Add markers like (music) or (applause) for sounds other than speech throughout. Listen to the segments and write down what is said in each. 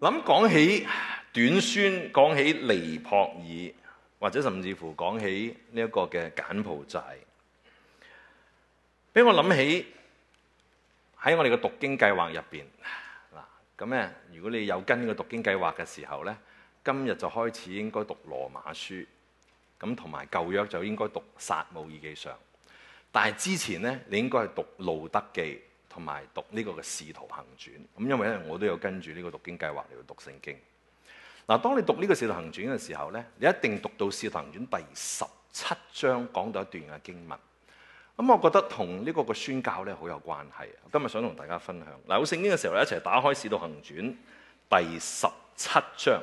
諗講起短宣，講起尼泊爾，或者甚至乎講起呢一個嘅柬埔寨，俾我諗起喺我哋嘅讀經計劃入邊嗱，咁咧如果你有跟呢個讀經計劃嘅時候咧，今日就開始應該讀羅馬書，咁同埋舊約就應該讀撒母耳記上，但係之前咧，你應該係讀路德記。同埋讀呢個嘅《使徒行傳》，咁因為咧，我都有跟住呢個讀經計劃嚟到讀聖經。嗱，當你讀呢個《使徒行傳》嘅時候咧，你一定讀到《使徒行傳》第十七章講到一段嘅經文。咁我覺得同呢個嘅宣教呢好有關係。今日想同大家分享。嗱，讀聖經嘅時候一齊打開《使徒行傳》第十七章，《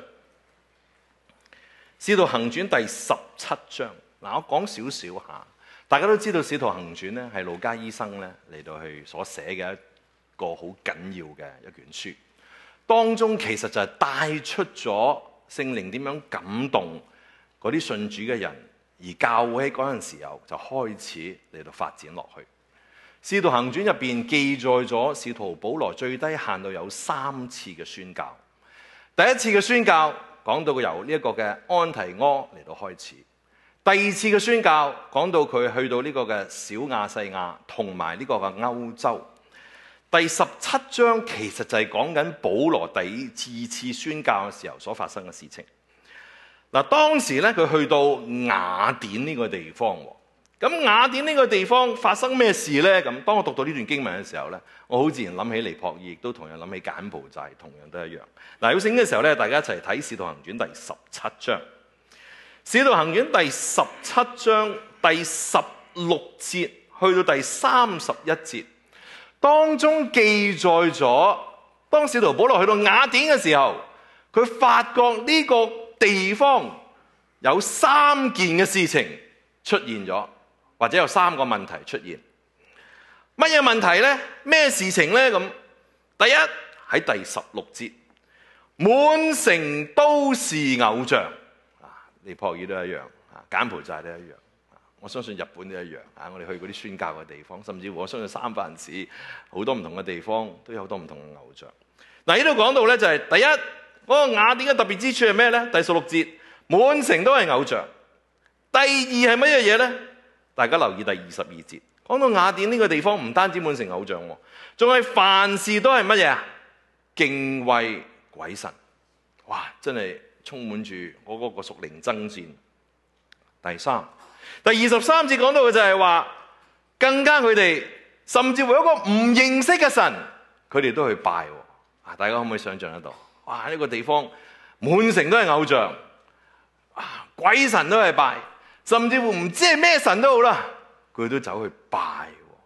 使徒行傳》第十七章。嗱，我講少少下。大家都知道《使徒行傳》咧，係路加醫生咧嚟到去所寫嘅一個好緊要嘅一卷書。當中其實就係帶出咗聖靈點樣感動嗰啲信主嘅人，而教會喺嗰陣時候就開始嚟到發展落去。《使徒行傳》入邊記載咗使徒保羅最低限度有三次嘅宣教。第一次嘅宣教講到由呢一個嘅安提阿嚟到開始。第二次嘅宣教，講到佢去到呢個嘅小亞細亞同埋呢個嘅歐洲。第十七章其實就係講緊保羅第二次宣教嘅時候所發生嘅事情。嗱，當時咧佢去到雅典呢個地方，咁雅典呢個地方發生咩事呢？咁當我讀到呢段經文嘅時候呢，我好自然諗起尼泊爾亦都同樣諗起柬埔寨，同樣都一樣。嗱，休息嘅時候呢，大家一齊睇《使徒行傳》第十七章。使徒行傳》第十七章第十六節去到第三十一節，當中記載咗，當使徒保羅去到雅典嘅時候，佢發覺呢個地方有三件嘅事情出現咗，或者有三個問題出現。乜嘢問題呢？咩事情呢？」咁第一喺第十六節，滿城都是偶像。尼泊爾都一樣，啊，柬埔寨都一樣，我相信日本都一樣。啊，我哋去嗰啲宣教嘅地方，甚至我相信三藩市好多唔同嘅地方都有好多唔同嘅偶像。嗱、就是，呢度講到呢，就係第一，嗰個雅典嘅特別之處係咩呢？第十六節滿城都係偶像。第二係乜嘢嘢呢？大家留意第二十二節講到雅典呢個地方唔單止滿城偶像，仲係凡事都係乜嘢啊？敬畏鬼神。哇，真係～充滿住我嗰個屬靈爭戰。第三，第二十三節講到嘅就係話，更加佢哋甚至乎一個唔認識嘅神，佢哋都去拜。啊，大家可唔可以想象得到？哇！呢個地方滿城都係偶像，啊，鬼神都係拜，甚至乎唔知係咩神都好啦，佢都走去拜。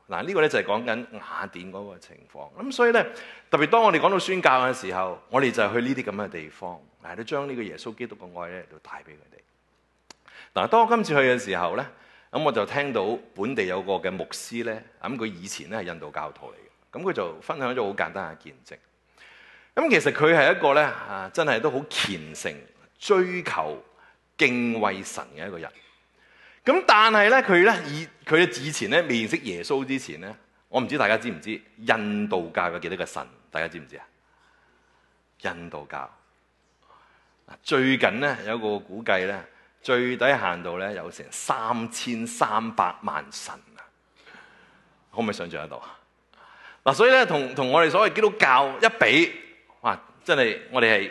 嗱，呢個呢就係講緊雅典嗰個情況。咁所以呢，特別當我哋講到宣教嘅時候，我哋就係去呢啲咁嘅地方。嗱，都將呢個耶穌基督嘅愛咧，就帶俾佢哋。嗱，當我今次去嘅時候咧，咁我就聽到本地有個嘅牧師咧，咁佢以前咧係印度教徒嚟嘅，咁佢就分享咗好簡單嘅見證。咁其實佢係一個咧啊，真係都好虔誠、追求、敬畏神嘅一個人。咁但係咧，佢咧以佢以前咧未認識耶穌之前咧，我唔知大家知唔知印度教有幾多個神？大家知唔知啊？印度教。最近咧有個估計咧，最低限度咧有成三千三百萬神啊，可唔可以想象得到啊？嗱，所以咧同同我哋所謂基督教一比，哇！真係我哋係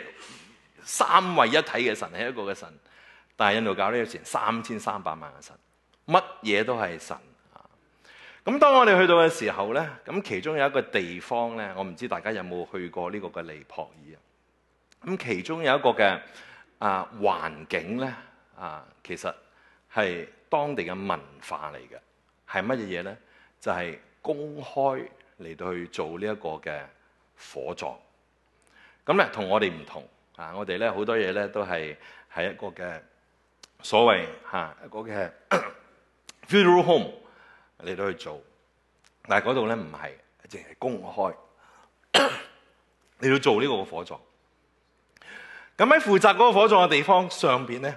三位一體嘅神係一個嘅神，但係印度教咧有成三千三百萬嘅神，乜嘢都係神。咁當我哋去到嘅時候咧，咁其中有一個地方咧，我唔知大家有冇去過呢個嘅尼泊爾啊？咁其中有一個嘅啊環境咧啊，其實係當地嘅文化嚟嘅，係乜嘢嘢咧？就係、是、公開嚟到去做呢一個嘅火葬。咁、嗯、咧同我哋唔同啊！我哋咧好多嘢咧都係喺一個嘅所謂吓、啊、一個嘅 (coughs) funeral home 嚟到去做，但係度咧唔係淨係公開，你 要 (coughs) 做呢個嘅火葬。咁喺負責嗰個火葬嘅地方上邊咧，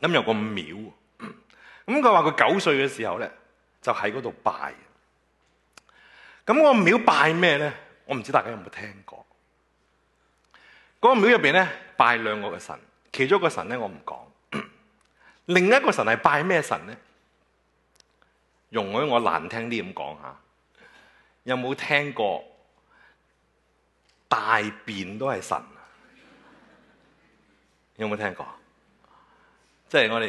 咁、嗯、有個廟，咁佢話佢九歲嘅時候咧就喺嗰度拜。咁、嗯、嗰、那個廟拜咩咧？我唔知大家有冇聽過。嗰、那個廟入邊咧拜兩個嘅神，其中一個神咧我唔講， (coughs) 另一個神係拜咩神咧？容許我難聽啲咁講下，有冇聽過大便都係神有冇聽過？即係我哋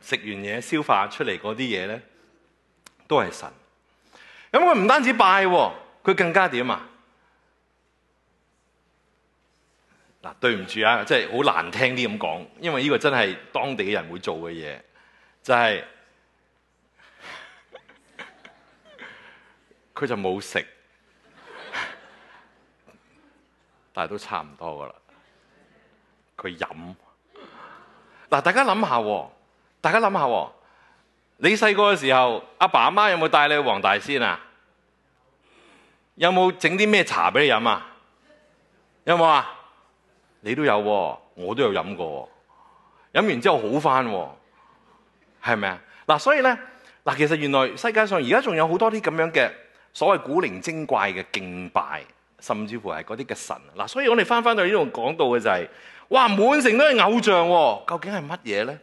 食 (coughs) 完嘢消化出嚟嗰啲嘢咧，都係神。咁佢唔單止拜、啊，佢更加點啊？嗱， (coughs) 對唔住啊，即係好難聽啲咁講，因為呢個真係當地嘅人會做嘅嘢，就係、係、佢 (coughs) 就冇食， (coughs) 但係都差唔多噶啦。佢飲嗱，大家諗下，大家諗下，你細個嘅時候，阿爸阿媽有冇帶你去黃大仙啊？有冇整啲咩茶俾你飲啊？有冇啊？你都有，我都有飲過，飲完之後好翻，係咪啊？嗱，所以呢，嗱，其實原來世界上而家仲有好多啲咁樣嘅所謂古靈精怪嘅敬拜，甚至乎係嗰啲嘅神嗱。所以我哋翻翻到呢度講到嘅就係、是。哇，滿城都係偶像，啊、究竟係乜嘢咧？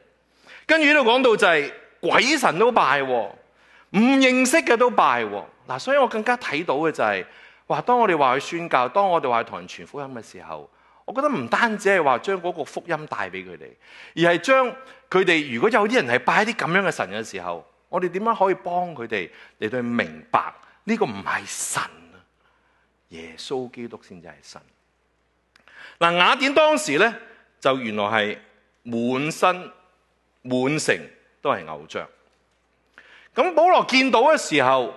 跟住呢度講到就係鬼神都拜，啊，唔認識嘅都拜，啊。嗱、啊，所以我更加睇到嘅就係、哇、話，當我哋話去宣教，當我哋話去同人傳福音嘅時候，我覺得唔單止係話將嗰個福音帶俾佢哋，而係將佢哋如果有啲人係拜啲咁樣嘅神嘅時候，我哋點樣可以幫佢哋嚟到明白呢、這個唔係神啊，耶穌基督先至係神。嗱，雅典當時咧就原來係滿身滿城都係偶像。咁保羅見到嘅時候，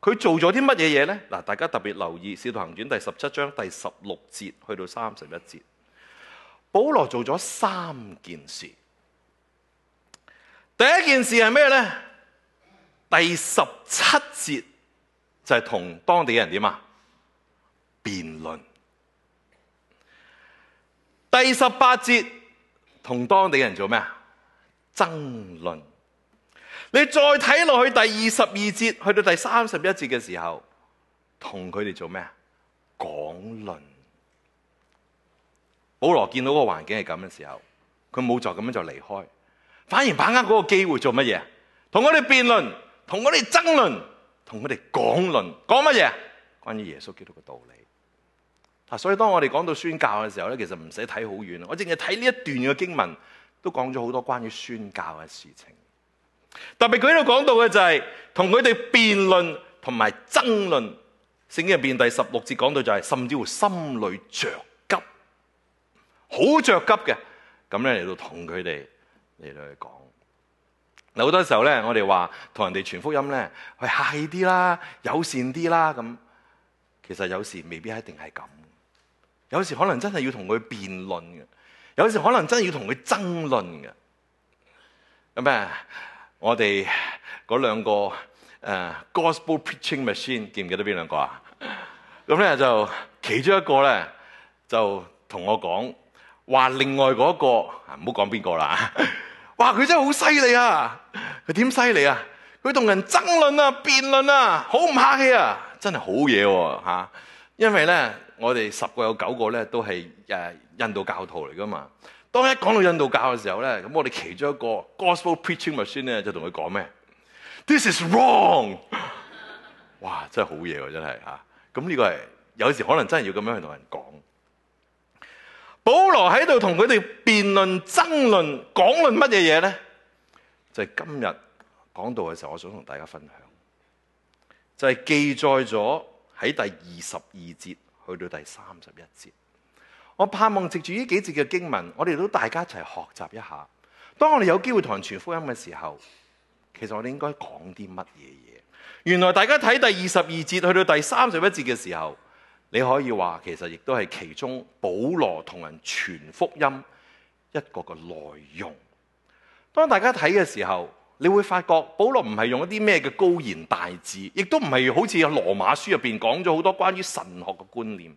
佢做咗啲乜嘢嘢咧？嗱，大家特別留意《使徒行傳》第十七章第十六節去到三十一節，保羅做咗三件事。第一件事係咩咧？第十七節就係、是、同當地人點啊辯論。辯論第十八節同當地人做咩啊？爭論。你再睇落去第二十二節去到第三十一節嘅時候，同佢哋做咩啊？講論。保羅見到個環境係咁嘅時候，佢冇再咁樣就離開，反而把握嗰個機會做乜嘢？同佢哋辯論，同佢哋爭論，同佢哋講論，講乜嘢？關於耶穌基督嘅道理。嗱，所以當我哋講到宣教嘅時候咧，其實唔使睇好遠，我淨係睇呢一段嘅經文都講咗好多關於宣教嘅事情。特別佢喺度講到嘅就係同佢哋辯論同埋爭論。聖經入邊第十六節講到就係，甚至乎心裏着急，好着急嘅。咁咧嚟到同佢哋嚟到去講。嗱，好多時候咧，我哋話同人哋傳福音咧，係客氣啲啦，友善啲啦咁，其實有時未必一定係咁。有時可能真係要同佢辯論嘅，有時可能真係要同佢爭論嘅。咁咩？我哋嗰兩個誒、呃、，Gospel Preaching Machine，記唔記得邊兩個啊？咁咧就其中一個咧就同我講話，另外嗰、嗰個唔好講邊個啦。哇，佢真係好犀利啊！佢點犀利啊？佢同人爭論啊，辯論啊，好唔客氣啊！真係好嘢喎，吓，因為咧。我哋十個有九個咧，都係誒印度教徒嚟噶嘛。當一講到印度教嘅時候咧，咁我哋其中一個 Gospel preaching machine 咧，就同佢講咩？This is wrong！哇，真係好嘢喎，真係嚇。咁呢個係有時可能真係要咁樣去同人講。保羅喺度同佢哋辯論、爭論、講論乜嘢嘢呢？就係今日講到嘅時候，我想同大家分享，就係記載咗喺第二十二節。去到第三十一節，我盼望藉住呢幾節嘅經文，我哋都大家一齊學習一下。當我哋有機會同人傳福音嘅時候，其實我哋應該講啲乜嘢嘢？原來大家睇第二十二節去到第三十一節嘅時候，你可以話其實亦都係其中保羅同人傳福音一個嘅內容。當大家睇嘅時候，你會發覺保羅唔係用一啲咩嘅高言大智，亦都唔係好似《羅馬書》入邊講咗好多關於神學嘅觀念，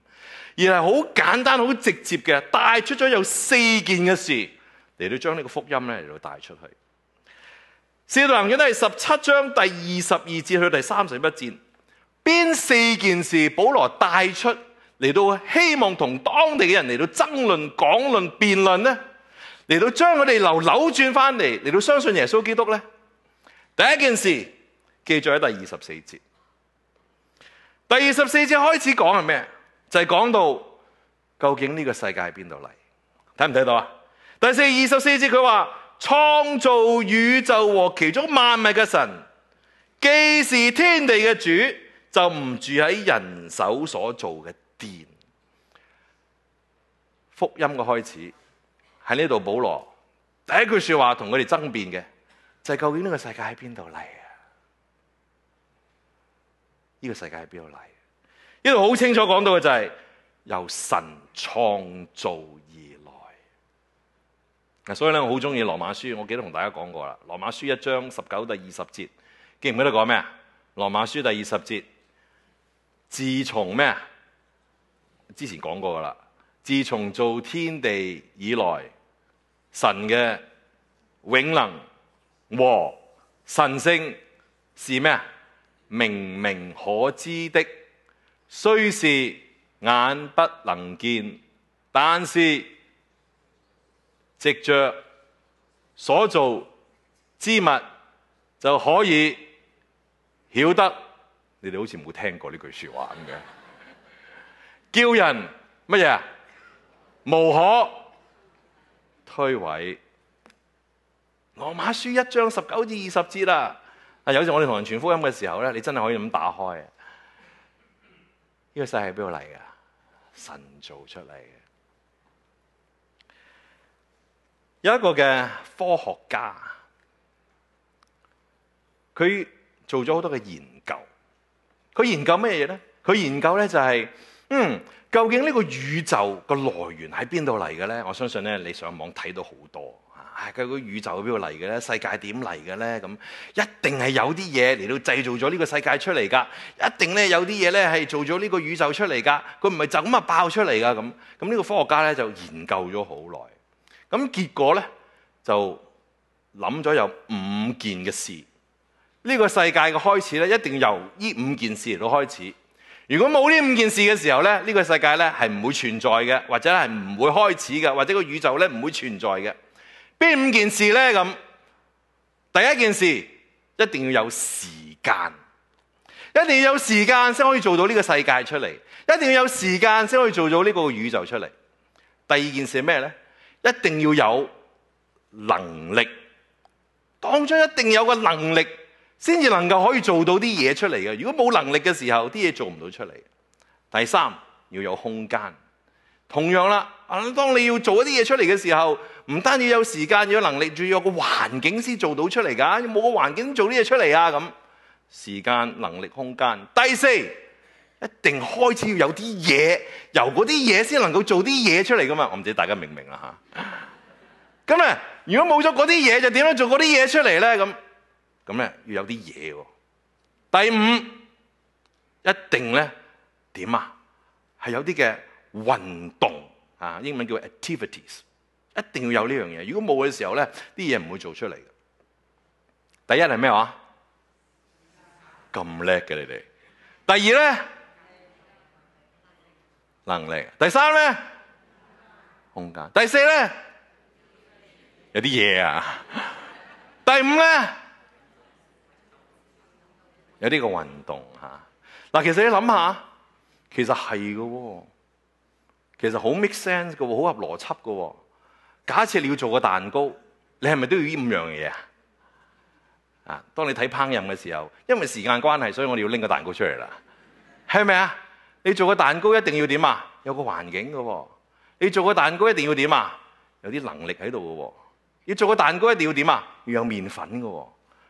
而係好簡單、好直接嘅，帶出咗有四件嘅事嚟到將呢個福音呢嚟到帶出去。四道行卷都係十七章第二十二節去第三十一節，邊四件事保羅帶出嚟到希望同當地嘅人嚟到爭論、講論、辯論呢？嚟到將佢哋流扭轉翻嚟，嚟到相信耶穌基督呢，第一件事記住喺第二十四節。第二十四節開始講係咩？就係、是、講到究竟呢個世界喺邊度嚟？睇唔睇到啊？第四二十四節佢話創造宇宙和其中萬物嘅神，既是天地嘅主，就唔住喺人手所造嘅殿。福音嘅開始。喺呢度，保羅第一句說話同佢哋爭辯嘅，就係究竟呢個世界喺邊度嚟？呢個世界喺邊度嚟？呢度好清楚講到嘅就係由神創造而來。所以咧，我好中意羅馬書，我記得同大家講過啦。羅馬書一章十九第二十節，記唔記得講咩啊？羅馬書第二十節，自從咩？之前講過噶啦，自從造天地以來。神嘅永能和神性，是咩啊？明明可知的，雖是眼不能見，但是藉着所造之物就可以曉得。你哋好似冇聽過呢句說話咁嘅，叫人乜嘢？無可。推位，《羅馬書》一章十九至二十節啦。啊，有時我哋同人傳福音嘅時候咧，你真係可以咁打開啊！呢、這個世界係邊度嚟噶神造出嚟嘅。有一個嘅科學家，佢做咗好多嘅研究。佢研究咩嘢咧？佢研究咧就係、是，嗯。究竟呢個宇宙個來源喺邊度嚟嘅呢？我相信呢，你上網睇到好多嚇。究竟宇宙喺邊度嚟嘅呢？世界點嚟嘅呢？咁一定係有啲嘢嚟到製造咗呢個世界出嚟㗎。一定呢，有啲嘢呢係做咗呢個宇宙出嚟㗎。佢唔係就咁啊爆出嚟㗎。咁咁呢個科學家呢，就研究咗好耐。咁結果呢，就諗咗有五件嘅事。呢個世界嘅開始呢，一定要由呢五件事嚟到開始。如果冇呢五件事嘅時候咧，呢個世界咧係唔會存在嘅，或者係唔會開始嘅，或者個宇宙咧唔會存在嘅。邊五件事咧？咁第一件事一定要有時間，一定要有時間先可以做到呢個世界出嚟，一定要有時間先可以做到呢個宇宙出嚟。第二件事係咩咧？一定要有能力，當初一定有個能力，先至能夠可以做到啲嘢出嚟嘅。如果冇能力嘅時候，啲嘢做唔到出嚟。第三要有空間。同樣啦，啊，當你要做一啲嘢出嚟嘅時候，唔單要有時間、要有能力，仲要有個環境先做到出嚟㗎。要冇個環境做啲嘢出嚟啊！咁時間、能力、空間。第四一定開始要有啲嘢，由嗰啲嘢先能夠做啲嘢出嚟㗎嘛。我唔知大家明唔明啊？嚇。咁啊，如果冇咗嗰啲嘢，就點樣做嗰啲嘢出嚟呢？咁。咁咧要有啲嘢喎。第五，一定咧點啊？係有啲嘅運動啊，英文叫 Activities，一定要有呢樣嘢。如果冇嘅時候咧，啲嘢唔會做出嚟嘅。第一係咩話？咁叻嘅你哋。第二咧，能力。第三咧，空間。第四咧，有啲嘢啊。第五咧。有呢個運動嚇嗱，其實你諗下，其實係嘅喎，其實好 make sense 嘅喎，好合邏輯嘅喎。假設你要做個蛋糕，你係咪都要呢五樣嘢啊？啊，當你睇烹飪嘅時候，因為時間關係，所以我哋要拎個蛋糕出嚟啦，係咪啊？你做個蛋糕一定要點啊？有個環境嘅喎，你做個蛋糕一定要點啊？有啲能力喺度嘅喎，要做個蛋糕一定要點啊？要有麵粉嘅喎，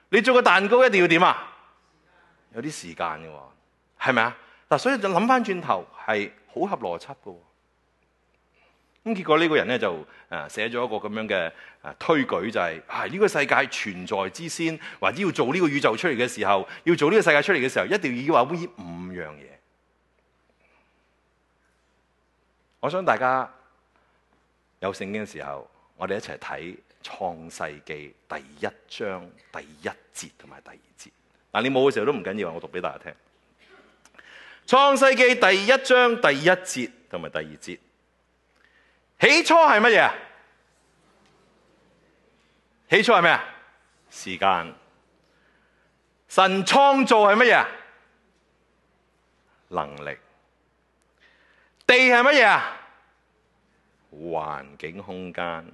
你做個蛋糕一定要點啊？要有有啲時間嘅喎，係咪啊？嗱，所以就諗翻轉頭係好合邏輯嘅。咁結果呢個人呢，就誒寫咗一個咁樣嘅誒推舉，就係啊呢個世界存在之先，或者要做呢個宇宙出嚟嘅時候，要做呢個世界出嚟嘅時候，一定要要話畀五樣嘢。我想大家有聖經嘅時候，我哋一齊睇創世記第一章第一節同埋第二節。嗱，但你冇嘅時候都唔緊要啊！我讀俾大家聽，《創世記》第一章第一節同埋第二節，起初係乜嘢？起初係咩啊？時間。神創造係乜嘢？能力。地係乜嘢啊？環境空間。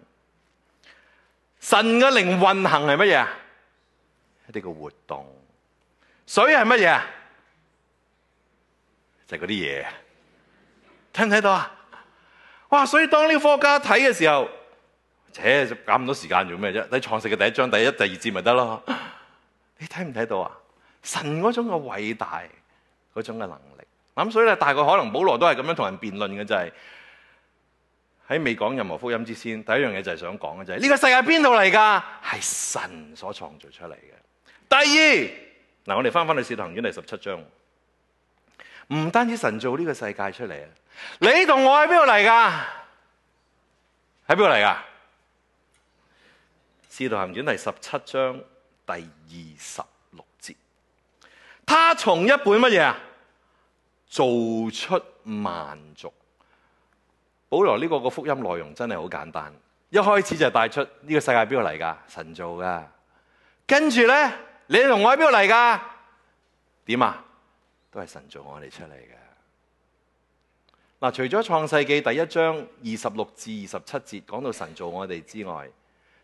神嘅靈運行係乜嘢啊？一啲活動。水係乜嘢？就係嗰啲嘢，睇唔睇到啊？哇！所以當啲科學家睇嘅時候，扯咁多唔到時間做咩啫？你創世嘅第一章第一、第二節咪得咯？你睇唔睇到啊？神嗰種嘅偉大，嗰種嘅能力。咁所以咧，大概可能保羅都係咁樣同人辯論嘅就係、是、喺未講任何福音之前，第一樣嘢就係想講嘅就係、是、呢、這個世界邊度嚟噶？係神所創造出嚟嘅。第二。嗱，我哋翻翻去《使徒行傳》第十七章，唔單止神造呢個世界出嚟啊，你同我喺邊度嚟噶？喺邊度嚟噶？《使徒行傳》第十七章第二十六節，他從一本乜嘢啊？造出萬族。保羅呢個個福音內容真係好簡單，一開始就帶出呢、這個世界邊度嚟噶？神造噶，跟住呢。你同我喺邊度嚟噶？點啊？都係神做我哋出嚟嘅。嗱，除咗創世記第一章二十六至二十七節講到神做我哋之外，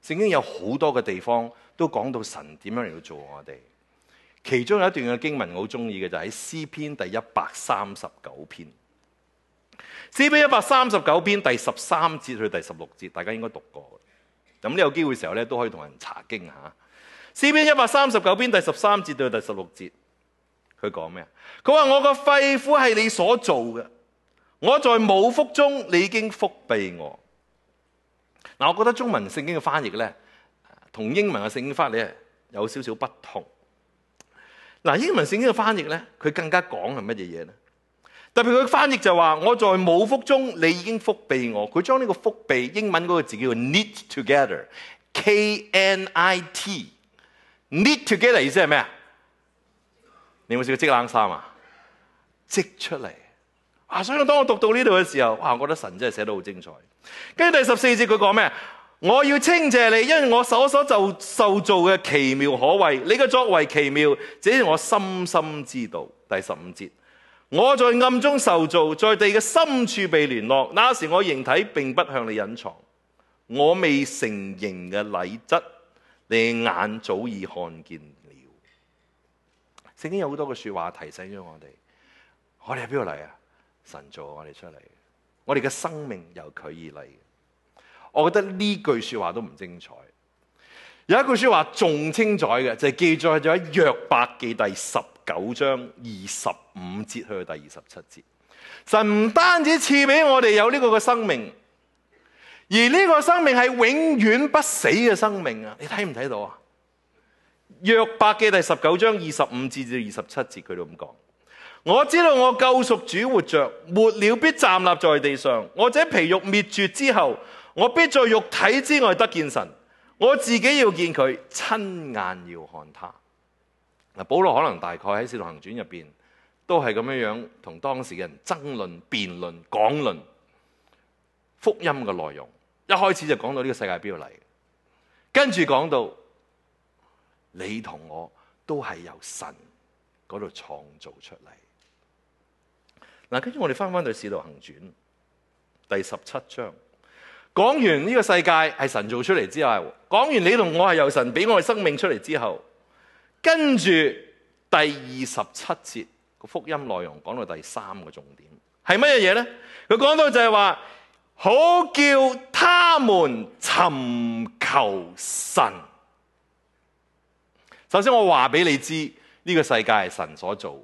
聖經有好多嘅地方都講到神點樣嚟到做我哋。其中有一段嘅經文我好中意嘅，就喺、是、詩篇第一百三十九篇。詩篇一百三十九篇第十三節去第十六節，大家應該讀過。咁呢有機會嘅時候咧，都可以同人查經下。詩篇一百三十九篇第十三節到第十六節，佢講咩啊？佢話：我個肺腑係你所做嘅，我在母腹中，你已經覆庇我。嗱，我覺得中文聖經嘅翻譯咧，同英文嘅聖經翻譯咧有少少不同。嗱，英文聖經嘅翻譯咧，佢更加講係乜嘢嘢咧？特別佢翻譯就話：我在母腹中，你已經覆庇我。佢將呢個覆庇英文嗰個字叫 knit together，K-N-I-T。N i t, Knit together 意思係咩？你有冇試過織冷衫啊？織出嚟啊！所以當我讀到呢度嘅時候，哇！我覺得神真係寫得好精彩。跟住第十四節佢講咩？我要稱謝你，因為我所所就受造嘅奇妙可畏，你嘅作為奇妙，這是我深深知道。第十五節，我在暗中受造，在地嘅深處被聯絡，那時我形體並不向你隱藏，我未成形嘅禮質。你眼早已看見了。曾經有好多個説話提醒咗我哋，我哋喺邊度嚟啊？神造我哋出嚟，我哋嘅生命由佢而嚟。我覺得呢句説話都唔精彩。有一句説話仲精彩嘅，就係記載咗喺約伯記第十九章二十五節去到第二十七節。神唔單止賜俾我哋有呢個嘅生命。而呢個生命係永遠不死嘅生命啊！你睇唔睇到啊？約伯記第十九章二十五至至二十七節佢都咁講。我知道我救贖主活着，末了必站立在地上。我者皮肉滅絕之後，我必在肉體之外得見神。我自己要見佢，親眼要看他。嗱，保羅可能大概喺使徒行傳入邊都係咁樣樣同當時嘅人爭論、辯論、講論福音嘅內容。一開始就講到呢個世界邊度嚟，跟住講到你同我都係由神嗰度創造出嚟。嗱，跟住我哋翻翻去《使徒行傳》第十七章，講完呢個世界係神造出嚟之後，講完你同我係由神俾我哋生命出嚟之後，跟住第二十七節個福音內容講到第三個重點係乜嘢嘢呢？佢講到就係話。好叫他們尋求神。首先我，我話俾你知，呢個世界係神所做。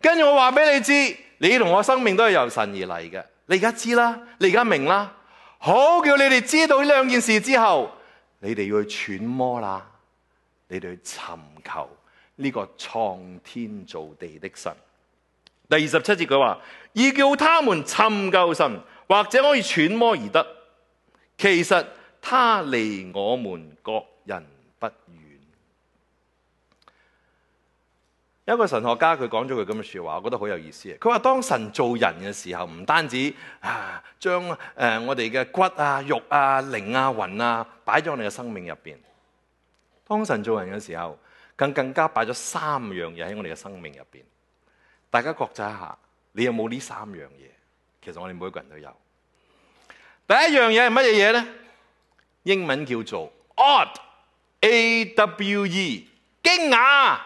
跟住我話俾你知，你同我生命都係由神而嚟嘅。你而家知啦，你而家明啦。好叫你哋知道呢兩件事之後，你哋要去揣摩啦，你哋去尋求呢個創天造地的神。第二十七節佢話：「而叫他們尋求神。或者可以揣摩而得，其實他離我們各人不遠。有一個神學家佢講咗句咁嘅說話，我覺得好有意思。佢話當神造人嘅時候，唔單止啊將誒、呃、我哋嘅骨啊、肉啊、靈啊、魂啊擺咗我哋嘅生命入邊，當神造人嘅時候，更更加擺咗三樣嘢喺我哋嘅生命入邊。大家覺察一下，你有冇呢三樣嘢？其實我哋每一個人都有，第一樣嘢係乜嘢嘢呢？英文叫做 odd awe，驚訝、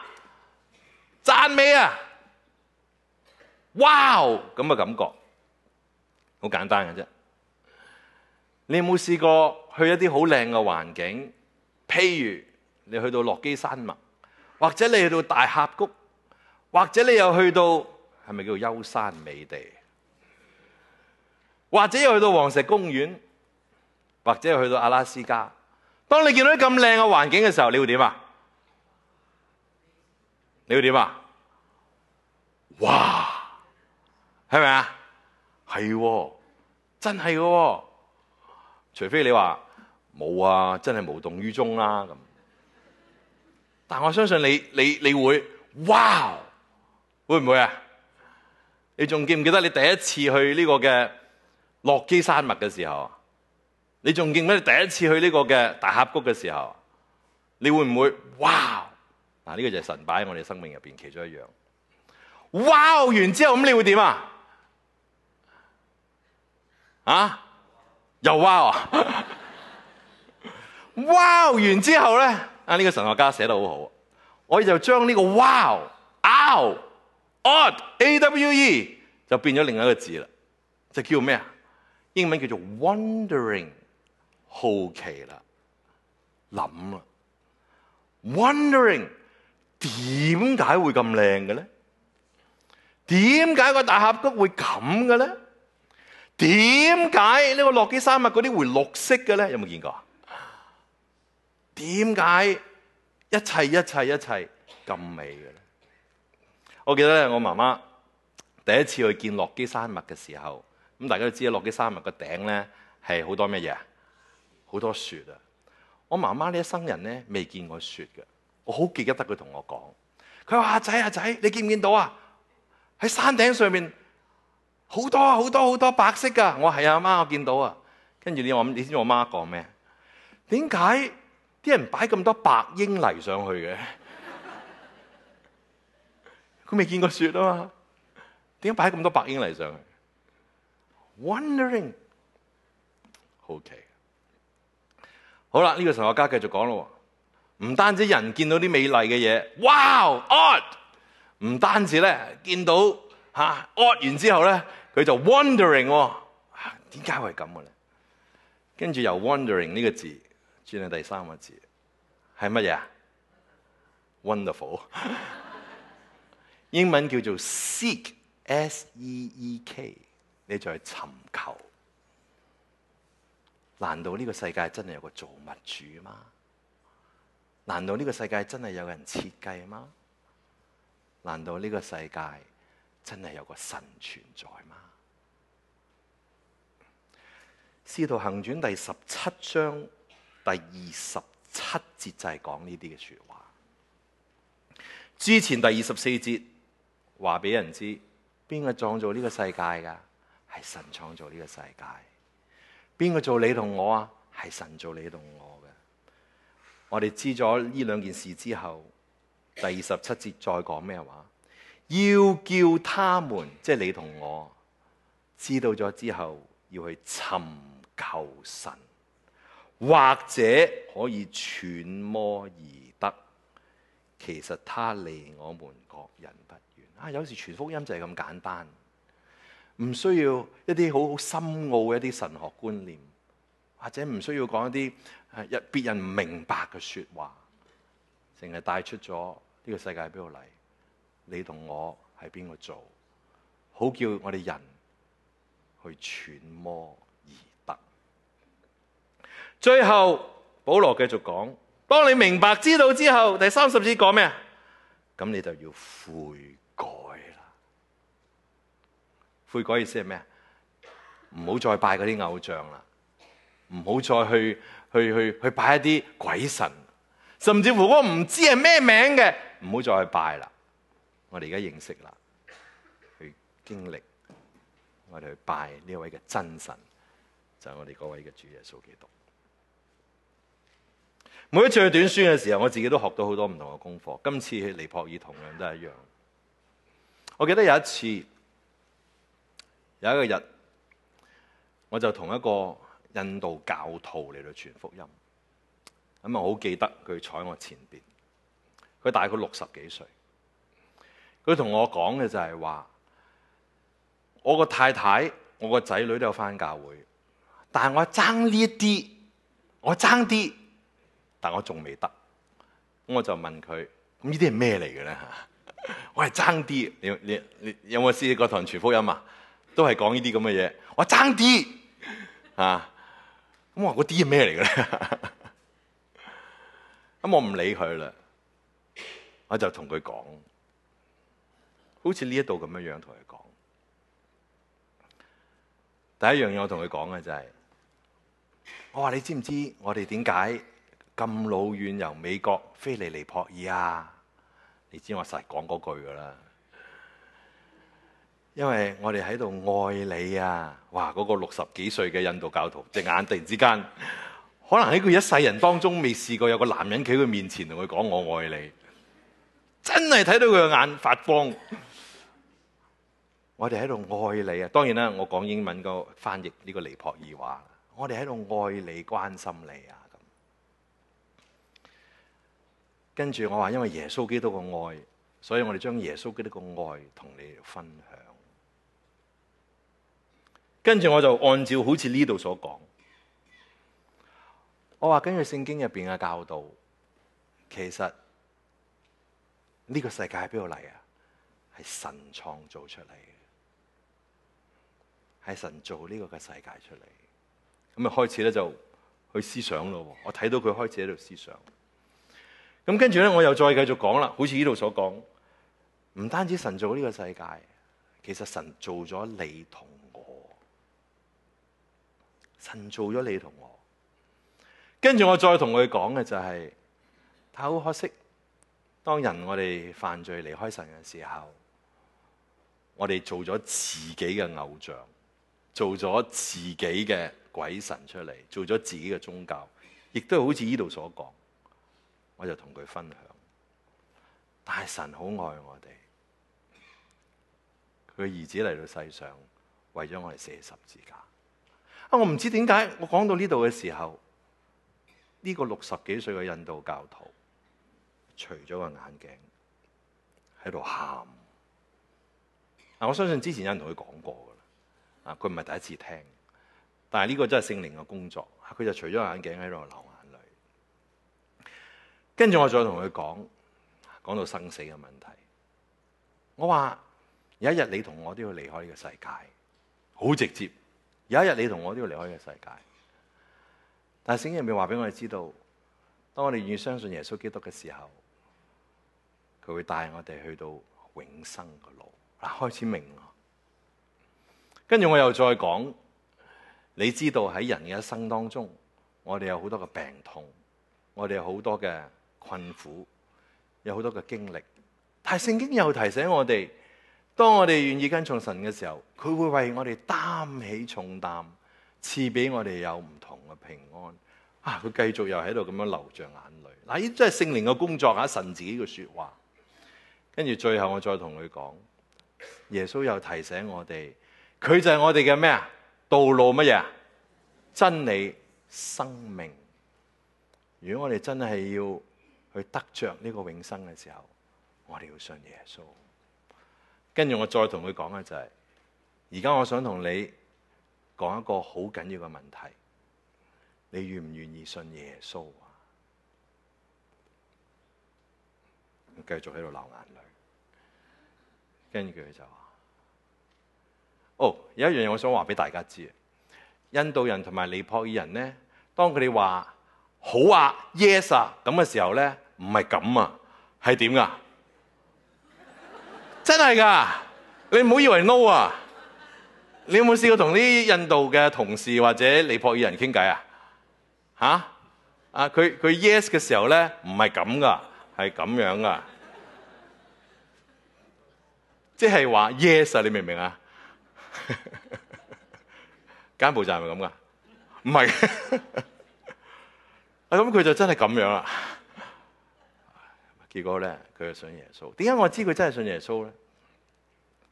讚美啊！Wow 咁嘅感覺，好簡單嘅啫。你有冇試過去一啲好靚嘅環境？譬如你去到落基山脈，或者你去到大峽谷，或者你又去到係咪叫做幽山美地？或者又去到黃石公園，或者又去到阿拉斯加。當你見到咁靚嘅環境嘅時候，你會點啊？你會點啊？哇！係咪啊？係、喎，真係嘅、喎。除非你話冇啊，真係無動於衷啦、啊、咁。但我相信你，你你會，哇！會唔會啊？你仲記唔記得你第一次去呢個嘅落基山脈嘅時候，你仲記唔記得你第一次去呢個嘅大峽谷嘅時候，你會唔會哇？嗱、啊、呢、呢個就係神擺喺我哋生命入邊其中一樣。哇！完之後咁你會點啊？啊？又哇、啊？ (laughs) 哇！完之後咧，啊呢、呢個神學家寫得好好，我就將呢個哇、out、odd、a、w、e 就變咗另一個字啦，就叫咩啊？英文叫做 wondering，好奇啦，諗啊 w o n d e r i n g，點解會咁靚嘅咧？點解個大峽谷會咁嘅咧？點解呢個洛基山脈嗰啲會綠色嘅咧？有冇見過啊？點解一切一切一切咁美嘅咧？我記得咧，我媽媽第一次去見洛基山脈嘅時候。咁大家都知道，落基山脈個頂咧，係好多咩嘢？好多雪啊！我媽媽呢一生人咧未見過雪嘅，我好記得得佢同我講：佢話仔，阿仔，你見唔見到啊？喺山頂上面好多好多好多白色㗎。我話係啊媽，我見到啊。跟住你我，你知我媽講咩？點解啲人擺咁多白英泥上去嘅？佢未見過雪啊嘛？點解擺咁多白英泥上去？wondering、okay. 好奇，好啦，呢個神學家繼續講咯，唔單止人見到啲美麗嘅嘢，wow，odd，唔單止咧見到吓、啊、odd，完之後咧佢就 wondering，點、哦、解、啊、會係咁嘅咧？跟住由 wondering 呢個字，轉到第三個字係乜嘢啊？wonderful， (laughs) 英文叫做 seek，s-e-e-k。E e K. 你就去尋求？難道呢個世界真係有個造物主嗎？難道呢個世界真係有人設計嗎？難道呢個世界真係有個神存在嗎？《使徒行傳》第十七章第二十七節就係講呢啲嘅説話。之前第二十四節話俾人知邊個創造呢個世界㗎？係神創造呢個世界，邊個做你同我啊？係神做你同我嘅。我哋知咗呢兩件事之後，第二十七節再講咩話？要叫他們，即係你同我，知道咗之後，要去尋求神，或者可以揣摩而得。其實他離我們各人不遠。啊，有時傳福音就係咁簡單。唔需要一啲好好深奧嘅一啲神學觀念，或者唔需要講一啲誒，一別人唔明白嘅說話，淨係帶出咗呢個世界係邊度嚟，你同我係邊個做，好叫我哋人去揣摩而得。最後保羅繼續講，當你明白知道之後，第三十節講咩啊？咁你就要悔改。悔改意思係咩啊？唔好再拜嗰啲偶像啦，唔好再去去去去拜一啲鬼神，甚至乎我唔知係咩名嘅，唔好再去拜啦。我哋而家認識啦，去經歷，我哋去拜呢位嘅真神，就係、是、我哋嗰位嘅主耶穌基督。每一次去短宣嘅時候，我自己都學到好多唔同嘅功課。今次去尼泊爾同樣都係一樣。我記得有一次。有一個日，我就同一個印度教徒嚟到傳福音，咁啊好記得佢坐喺我前邊，佢大概六十幾歲，佢同我講嘅就係話，我個太太、我個仔女都有翻教會，但係我爭呢一啲，我爭啲，但我仲未得，咁我就問佢，咁呢啲係咩嚟嘅咧？吓， (laughs) 我係爭啲，你你你有冇試過同人傳福音啊？都係講呢啲咁嘅嘢， (laughs) 那個、 (laughs) 我爭啲啊！咁我話嗰啲係咩嚟嘅咧？咁我唔理佢啦，我就同佢講，好似呢度咁樣樣同佢講。第一樣嘢我同佢講嘅就係、是，我話你知唔知我哋點解咁老遠由美國飛嚟尼泊爾啊？你知我實講嗰句噶啦。因為我哋喺度愛你啊，哇！嗰個六十幾歲嘅印度教徒隻眼突然之間，可能喺佢一世人當中未試過有個男人企佢面前同佢講我愛你，真係睇到佢嘅眼發光。 (laughs) 我哋喺度愛你啊！當然啦，我講英文個翻譯呢個尼泊爾話，我哋喺度愛你、關心你啊咁。跟住我話，因為耶穌基督嘅愛，所以我哋將耶穌基督嘅愛同你分享。跟住我就按照好似呢度所講，我話根據聖經入邊嘅教導，其實呢個世界係邊度嚟啊？係神創造出嚟嘅，係神造呢個嘅世界出嚟。咁啊開始咧就去思想咯，我睇到佢開始喺度思想。咁跟住咧我又再繼續講啦，好似呢度所講，唔單止神造呢個世界，其實神做咗你同。神做咗你同我，跟住我再同佢講嘅就係、是，但好可惜，當人我哋犯罪離開神嘅時候，我哋做咗自己嘅偶像，做咗自己嘅鬼神出嚟，做咗自己嘅宗教，亦都好似呢度所講，我就同佢分享，大神好愛我哋，佢嘅兒子嚟到世上為咗我哋捨十字架。我唔知點解，我講到呢度嘅時候，呢個六十幾歲嘅印度教徒除咗個眼鏡喺度喊。嗱，我相信之前有人同佢講過噶啦，啊，佢唔係第一次聽，但係呢個真係聖靈嘅工作，佢就除咗眼鏡喺度流眼淚。跟住我再同佢講，講到生死嘅問題，我話有一日你同我都要離開呢個世界，好直接。有一日你同我都要離開嘅世界，但係聖經入面話俾我哋知道，當我哋願意相信耶穌基督嘅時候，佢會帶我哋去到永生嘅路。嗱，開始明啦。跟住我又再講，你知道喺人嘅一生當中，我哋有好多嘅病痛，我哋有好多嘅困苦，有好多嘅經歷，但係聖經又提醒我哋。當我哋願意跟從神嘅時候，佢會為我哋擔起重擔，賜俾我哋有唔同嘅平安。啊，佢繼續又喺度咁樣流着眼淚。嗱，呢啲真係聖靈嘅工作啊！神自己嘅說話。跟住最後，我再同佢講，耶穌又提醒我哋，佢就係我哋嘅咩啊？道路乜嘢啊？真理、生命。如果我哋真係要去得着呢個永生嘅時候，我哋要信耶穌。跟住我再同佢講嘅就係，而家我想同你講一個好緊要嘅問題，你願唔願意信耶穌啊？繼續喺度流眼淚，跟住佢就話：哦，有一樣嘢我想話俾大家知，印度人同埋尼泊爾人咧，當佢哋話好啊 yes 啊咁嘅時候咧，唔係咁啊，係點㗎？真係噶，你唔好以為 no 啊！你有冇試過同啲印度嘅同事或者尼泊爾人傾偈啊？吓？啊！佢、啊、佢 yes 嘅時候咧，唔係咁噶，係咁樣噶，即係話 yes 啊！你明唔明 (laughs) (laughs) 啊？柬埔寨係咪咁噶？唔係啊！咁佢就真係咁樣啦！結果咧，佢係信耶穌。點解我知佢真係信耶穌咧？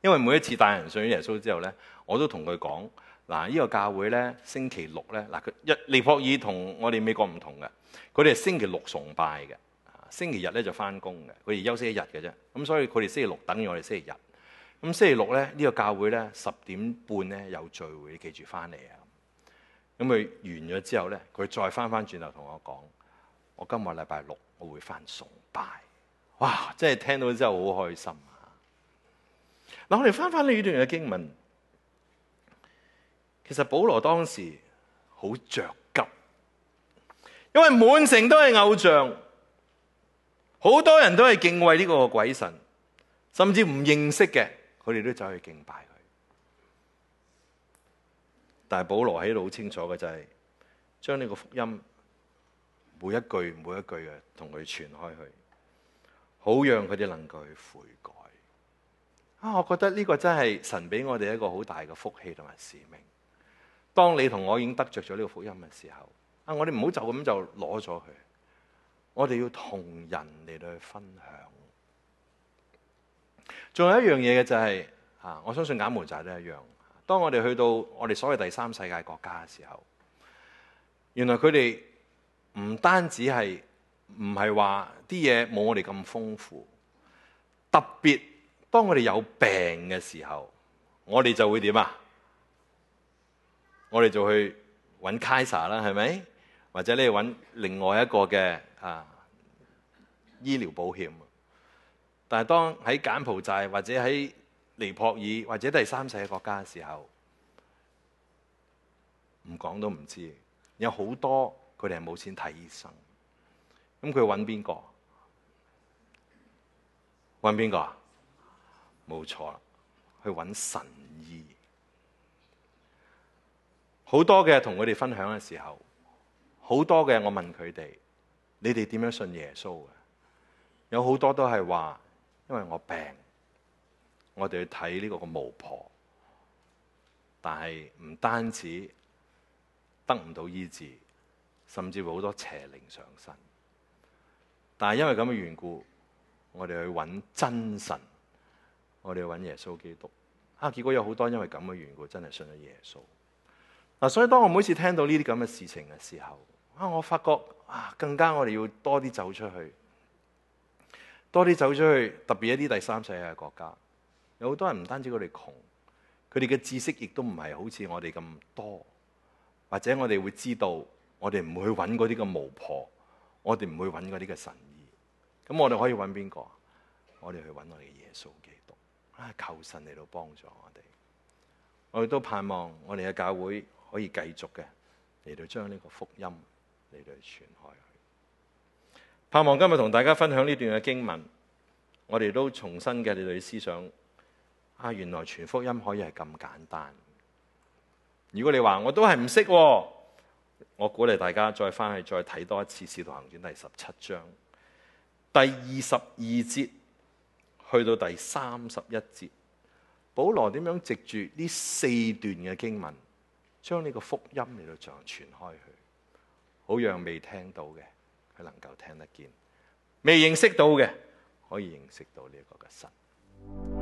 因為每一次帶人信耶穌之後咧，我都同佢講：嗱，呢、這個教會咧，星期六咧，嗱佢一尼泊爾同我哋美國唔同嘅，佢哋係星期六崇拜嘅，星期日咧就翻工嘅，佢哋休息一日嘅啫。咁所以佢哋星期六等於我哋星期日。咁星期六咧，呢、這個教會咧，十點半咧有聚會，你記住翻嚟啊！咁佢完咗之後咧，佢再翻翻轉頭同我講：我今日禮拜六我會翻崇拜。哇！真係聽到之後好開心啊！嗱，我哋翻翻呢段嘅經文，其實保羅當時好着急，因為滿城都係偶像，好多人都係敬畏呢個鬼神，甚至唔認識嘅佢哋都走去敬拜佢。但係保羅喺度好清楚嘅就係，將呢個福音每一句每一句嘅同佢傳開去。好讓佢哋能夠去悔改啊！我覺得呢個真係神俾我哋一個好大嘅福氣同埋使命。當你同我已經得着咗呢個福音嘅時候，啊，我哋唔好就咁就攞咗佢，我哋要同人哋去分享。仲有一樣嘢嘅就係、是、啊，我相信柬埔寨都一樣。當我哋去到我哋所謂第三世界國家嘅時候，原來佢哋唔單止係。唔係話啲嘢冇我哋咁豐富，特別當我哋有病嘅時候，我哋就會點啊？我哋就去揾 Kaiser 啦，係咪？或者你揾另外一個嘅啊醫療保險？但係當喺柬埔寨或者喺尼泊爾或者第三世嘅國家嘅時候，唔講都唔知，有好多佢哋係冇錢睇醫生。咁佢揾邊個？揾邊個啊？冇錯啦，去揾神醫。好多嘅同佢哋分享嘅時候，好多嘅我問佢哋：你哋點樣信耶穌嘅？有好多都係話，因為我病，我哋去睇呢個個巫婆，但係唔單止得唔到醫治，甚至好多邪靈上身。但係因為咁嘅緣故，我哋去揾真神，我哋去揾耶穌基督。啊，結果有好多因為咁嘅緣故，真係信咗耶穌。嗱，啊，所以當我每次聽到呢啲咁嘅事情嘅時候，啊，我發覺啊，更加我哋要多啲走出去，多啲走出去，特別一啲第三世界國家，有好多人唔單止佢哋窮，佢哋嘅知識亦都唔係好似我哋咁多，或者我哋會知道，我哋唔會揾嗰啲嘅巫婆，我哋唔會揾嗰啲嘅神。咁我哋可以揾邊個？我哋去揾我哋嘅耶穌基督啊！求神嚟到幫助我哋。我哋都盼望我哋嘅教會可以繼續嘅嚟到將呢個福音嚟到傳開去。盼望今日同大家分享呢段嘅經文，我哋都重新嘅嚟到思想啊！原來傳福音可以係咁簡單。如果你話我都係唔識，我鼓勵大家再翻去再睇多一次《使徒行傳》第十七章。第二十二節去到第三十一節，保羅點樣藉住呢四段嘅經文，將呢個福音嚟到將傳開去，好讓未聽到嘅佢能夠聽得見，未認識到嘅可以認識到呢一個嘅神。